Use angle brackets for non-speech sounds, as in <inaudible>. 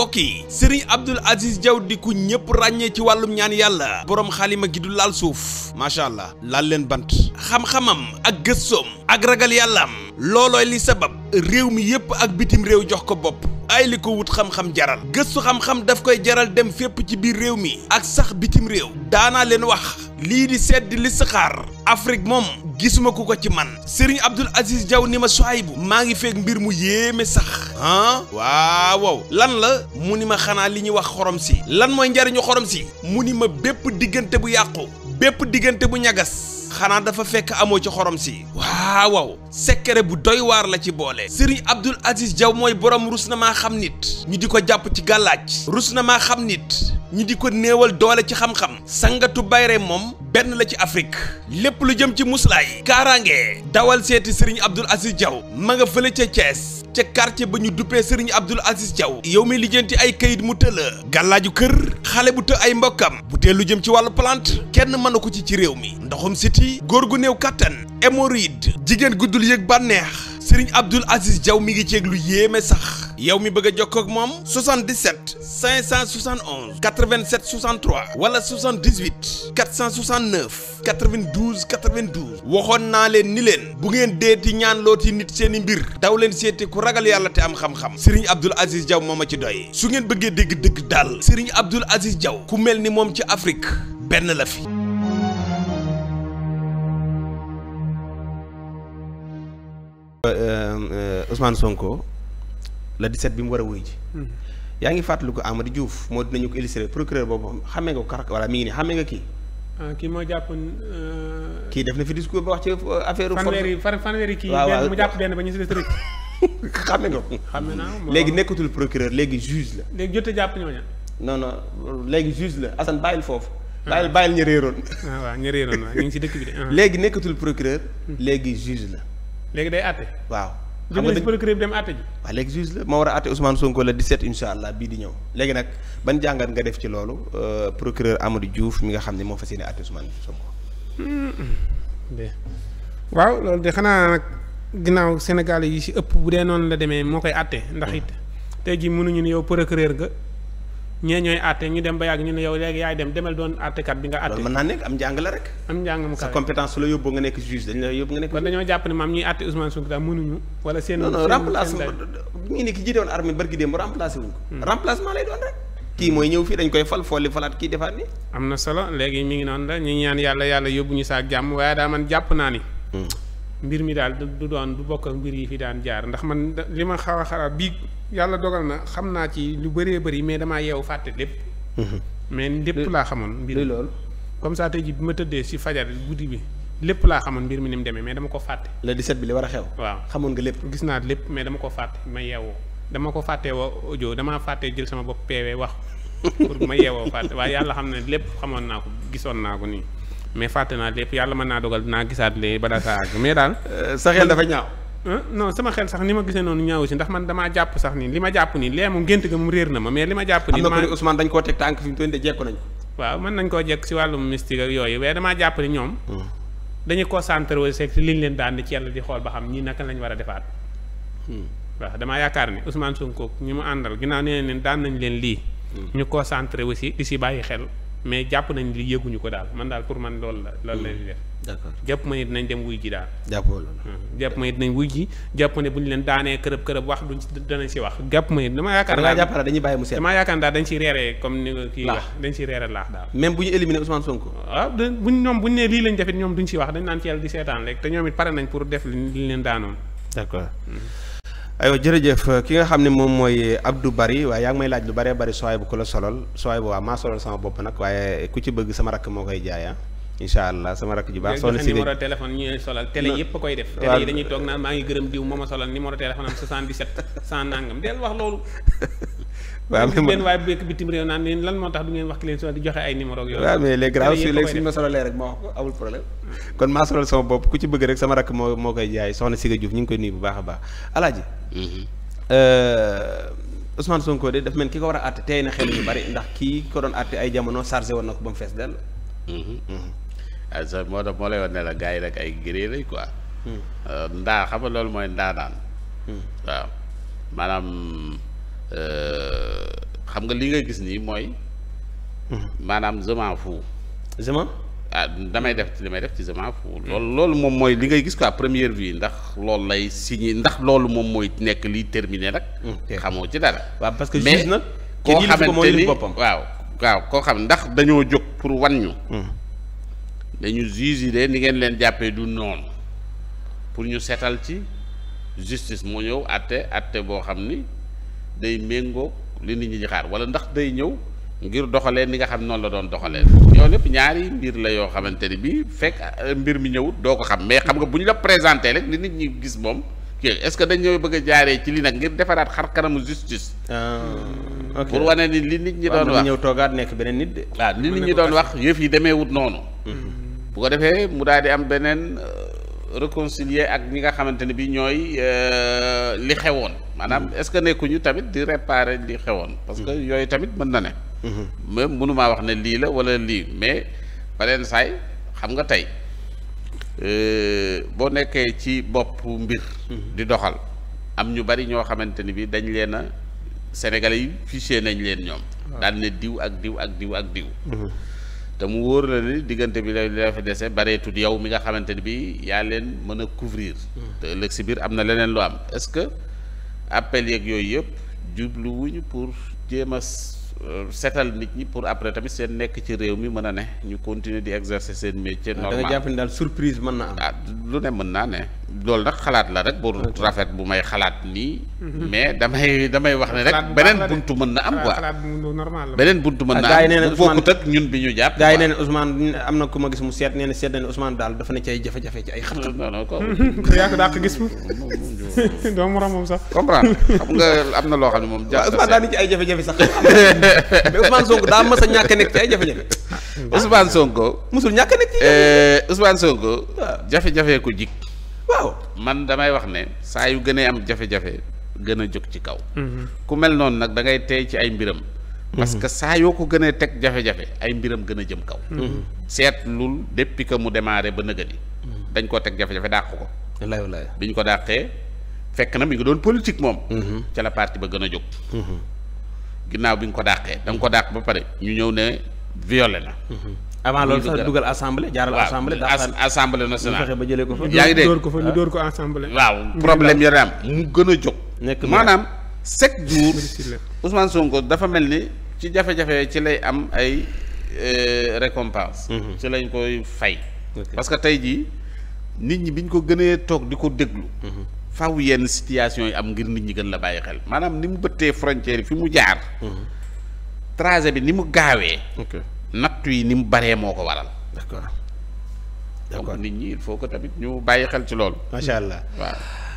mbokk yi Serigne Abdoul Aziz Diaw di ku ñëpp ràññee ci wàllum ñaan yàlla boroom xaalima gi du laal suuf macha allah laal leen bant xam-xamam ak gëstoom ak ragal yàllaam loolooy li sabab réew mi yëpp ak bitim réew jox ko bopp ay li ko wut xam-xam jaral gëstu xam-xam daf koy jaral dem fépp ci biir réew mi ak sax bitim réew daanaa leen wax lii di sedd li saxaar Afrique moom gisuma ku ko ci man Serigne Abdoul Aziz Diaw ni ma bu maa ngi feeg mbir mu yéeme sax ah waaw lan la mu ni ma xanaa li ñuy wax xorom si lan mooy njariñu xorom si mu ni ma bépp diggante bu yàqu bépp diggante bu ñagas xanaa dafa fekk amoo ci xorom si waaw waaw bu doy waar la ci boole Serigne Abdoul Aziz Diaw mooy borom rus na maa xam nit ñu di ko jàpp ci gàllaaj rus na maa xam nit ñu di ko néewal doole ci xam-xam sangatu bayre moom benn la ci Afrique lépp lu jëm ci muslaay kaaraange dawal seeti Serigne Abdoul Aziz Diaw ma nga fële ca ca quartier ba ñu duppee sëriñ Abdoul Aziz Diaw yow mi lijjanti ay kayit mu tëla gàllaaju kër xale bu të ay mbokkam bu lu jëm ci wàllu plante kenn mënu ko ci ci réew mi ndoxum siti góor gu néew kattan hémorroïde jigéen guddul yëg bànneex Serigne Abdoul Aziz Diaw mi ngi ceeg lu yéeme sax yow mi bëgg a jokkoo ak moom 77 571 87 63 wala 78 469 92 92 waxoon naa leen ni leen bu ngeen deeti ñaan looti nit seen i mbir daw leen seeti ku ragal yàlla te am xam-xam Serigne Abdoul Aziz jaw moom a ci doy su ngeen bëggee dégg dëgg daal Serigne Abdoul Aziz Diaw ku mel ni moom ci Afrique benn la fi. Euh, euh, Ousmane Sonko la 17 bi mu war a wuy ji. Hmm. yaa ngi ko fàttaliku Amady Diouf moo dinañu ko illustré procureur boobu xamee nga ko kar wala mu ngi nii xamee nga kii. Ah, kii moo jàpp. Euh, kii def na fi discours ba wax ci affaire. fanweeri fanweeri kii. waaw waaw mu jàpp benn ba si des rek. xame nga ko. xame naa léegi nekkatul procureur léegi juge la. léegi jot jàpp ñooña. non non léegi juge la Assane foofu. Ah. bàyyil bàyyil si ah, dëkk léegi nekkatul procureur. Hmm. léegi juge la. léegi day àtte. waaw xam nga procureur bi dem àtte ji. waaw léegi juge la moo war a àtte Ousmane Sonko la 17 incha allah bii di ñëw léegi nag ban jàngat nga def ci loolu euh, procureur Amadou Diouf mi nga xam ne moo fas yéene àtte Ousmane Sonko. Hmm. waaw loolu de xanaa nag ginnaaw Sénégal yi si ëpp bu dee noonu la demee moo koy àtte ndax it hmm. tey jii mënuñu ne yow procureur ga ñee ñooy àtte ñu dem ba yàgg ñu ne yow léegi yaay dem demal doon àttekat bi nga àtte loolu mën naa nekk am njàng la rek am njàng mu kawe sa compétence la yóbbu nga nekk juge dañ la yóbbu nga nekk kon dañoo jàpp ne maam ñuy àtte Ousmane Sonko ki jiite woon armée barki démb remplacé wuñ ko hmm. remplacement lay doon rek kii mooy ñëw fii dañ koy fal fooli falaat kii defaat ni am na solo léegi mi ngi noonu la ñu ñaan yàlla yàlla yóbbu ñu saa jàmm waaye daa man jàpp naa ni hmm. mbir mi daal du doon du bokk ak mbir yi fi daan jaar ndax man li ma xaw a xalaat bii yàlla dogal na xam naa ci lu bëree bëri mais damaa yeewu fàtte lépp. Mhm. mais lépp laa xamoon. mbir loolu comme ça tey ji bi ma tëddee si fajar guddi bi lépp laa xamoon mbir mi ni mu demee mais dama ko fàtte. le 17 bi li a xew. waaw xamoon nga lépp. gis naa lépp mais dama ko fàtte ma yeewoo dama ko fàttee wa audio damaa jël sama bopp PV wax <laughs> pour ma yeewoo fàtte waaye yàlla xam ne lépp xamoon naa ko gisoon naa ko nii. mais fàtte naa lépp yàlla mën naa dogal naa gisaat lee ba daa saa àgg mais daal. sa xel dafa ñaaw. Euh, non sama xel sax ni ma gisee noonu ñaaw si ndax man damaa jàpp sax ni li ma jàpp nii lee moom gént ga moom réer na ma mais li ma jàpp nii. am na ko Ousmane dañ koo teg tànk fi mu toll de jekku nañ ko. waaw mën nañ koo jekk si wàllum mystique ak yooyu waaye damaa jàpp ni ñoom. Hmm. leen daan ci yàlla di xool ba xam ñii naka lañ war a defaat. Hmm. waaw damaa yaakaar ni Ousmane Sonko ñi mu àndal ginnaaw nee leen daan nañ leen lii. Hmm. ñu concentré wu si di si bàyyi xel mais jàpp nañ li yëguñu ko daal man daal pour man loolu la loolu la ñuy mm. def. d'accord jàpp ma ne dinañ dem wuy ji daal. jàpp ma mm. ne dinañ wuy ji jàpp ne bu ñu leen daanee kërëb kërëb wax duñ ci danañ si wax jàpp ma ne damaa yaakaar. daal jàpp dañuy bàyyi mu seet. damaa yaakaar daal dañ ciy reeree comme ni kii dañ ciy reeree laax daal. même bu ñu éliminé Ousmane Sonko. waaw ah, de buñ ñoom buñ nee lii lañ def ñoom duñ si wax dañ naan ci di seetaan rek te ñoom it pare nañ pour def li leen daanoon. aywa jërëjëf ki nga xam ne moom mooy Abdou Bari waaye yaa ngi may laaj lu bare bari sooy bu ku la solol sooy bu waa maa solol sama bopp nag waaye ku ci bëgg sama rakk moo koy jaaya ah. incha allah sama rakk ju baax. soxna si numéro téléphone ñu solal télé yëpp koy def. waaw yi dañuy toog naan maa ngi gërëm diw moo ma solal numéro téléphone am <laughs> 77 100 nangam del wax loolu. waaw mais leen waaye békk bitim réew naan leen lan moo tax du ngeen wax ki leen so si léegi ma solalee rek ma ko amul problème kon maa solal sama bopp ku ci bëgg rek sama rakk moo moo koy jaay soxna Siga Diouf ñu ngi koy nuyu bu baax a baax alaaji mhm. euh, Ousmane Sonko de dafa mel ki ko war a àtte tey na ñu bari ndax kii ko doon àtte ay jamono chargé woon na ko ba mu fees dell mhm. Mhm. Ah, moo tax moo lay wan ne la gars yi rek ay gré lay quoi hmm. euh, ndaa xam nga loolu mooy ndaanaan hmm. waaw maanaam Euh, xam nga li ngay gis nii mooy. Hmm. maanaam je m'en fous. je ah, damay def ci li may def ci je m'en fous. Hmm. loolu loolu moom mooy li ngay gis quoi première bi ndax loolu lay signé ndax loolu moom mooy nekk liy terminé nag. Hmm, xamoo ci dara. waaw parce que juge nag. koo xamante ni waaw. waaw koo xam ndax dañoo jóg pour wan ñu. dañu juge yi de ni ngeen leen jàppee du noonu pour ñu seetal ci justice moo ñëw àtte àtte boo xam ni. day méngoo li nit ñi di xaar wala ndax day ñëw ngir doxalee ni nga xam noonu la doon doxalee yow lépp ñaari mbir la yoo xamante ni bii fekk euh, mbir mi ñëwut doo ko xam mais xam nga bu ñu la présenté rek li nit ñi gis moom kii est-ce que dañ ñooy bëgg a jaaree ci li nag ngir defaraat xar kanamu justice. Ah, pour wane ni li nit ñi doon wax ñëw toogaat nekk beneen nit de. waaw li nit doon wax yëf yi demeewut noonu. Mhm. bu ko defee mu daal di am beneen euh, réconcilier ak ñi nga xamante ne bi ñooy euh, li xewoon maanaam mm-hmm. est-ce que nekkuñu tamit di réparer li xewoon parce que mm-hmm. yooyu tamit mën na ne mm-hmm. même mënumaa wax ne lii la wala lii mais beneen saay xam nga tey euh, boo nekkee ci bopp mbir di doxal am ñu bari ñoo xamante ni bi dañ leen a sénégalais yi fiché nañ leen ñoom ah. daan ne diw ak diw ak diw ak diw te mu wóor la diggante bi la la fa dese bareetut yow mi nga xamante ni bi yaa leen mën a couvrir hmm. te ëllëg si biir am na leneen lu am est-ce que appel yeeg yooyu yëpp jubluwuñu pour jéem a euh, setal nit ñi pour après tamit seen nekk ci réew mi mën a ne ñu continuer di exercer seen métier normal ah, da nga jàpp ni mën na am ah lu ne mën naa ne loolu nag xalaat la rek bu rafet bu may xalaat nii. Mhm. mais damay damay wax ne rek beneen buntu mën na am ah, quoi beneen buntu mën ah, na am bu bokkut ak ñun bi ñu jàpp. gars yi nee na Ousmane am na ku ma gis mu seet neen na seet na ne Ousmane daal dafa ne ci ay jafe-jafe ci moom <laughs> sax. comprendre am na loo xam ne moom. jàpp Ousmane daa ay jafe-jafe sax <laughs> mais Ousmane Sonko daa mës a ñàkk nekk ci ay jafe-jafe. Ousmane Sonko. mosul ñàkk nekk ci. Eh, Ousmane Sonko jafe-jafe ko jik waaw man damay wax ne saa yu gënee am jafe-jafe gën a jóg ci kaw. Mm-hmm. ku mel noonu nag da ngay tey ci ay mbiram. parce que mm-hmm. saa yoo ko gënee teg jafe-jafe ay mbiram gën a jëm kaw. Mm-hmm. seetlul depuis que mu démarré ba nëgëni. dañ koo teg jafe-jafe dàq ko. wallaahi wallaahi bi ñu ko dàqee fekk na mi ngi doon politique moom. ca la parti ba gën a jóg. ginnaaw bi nga ko dàqee da nga ko dàq ba pare ñu ñëw ne viole na. avant loolu sax dugal assemblée jaaral assemblée. daal assemblée nationale fexe ba jëlee ko fa. yaa ngi dégg ñu door ko fa ñu door ko assemblée. waaw problème yore am mu gën a jóg. nekk maanaam chaque jour Ousmane Sonko dafa mel ni ci jafe-jafe ci lay am ay euh, récompense mhm. ci lañ koy fay. parce que tey jii nit ñi bi ñu ko gënee toog di ko déglu. Mhm. faw yenn situation yi am ngir nit ñi gën la bàyyi xel maanaam ni mu bëttee frontière yi fi mu jaar. Mhm. trajet bi ni mu gaawee. nattu yi ni mu baree moo ko waral. d'accord donc nit ñi il faut que tamit ñu bàyyi xel ci loolu. macha allah waaw.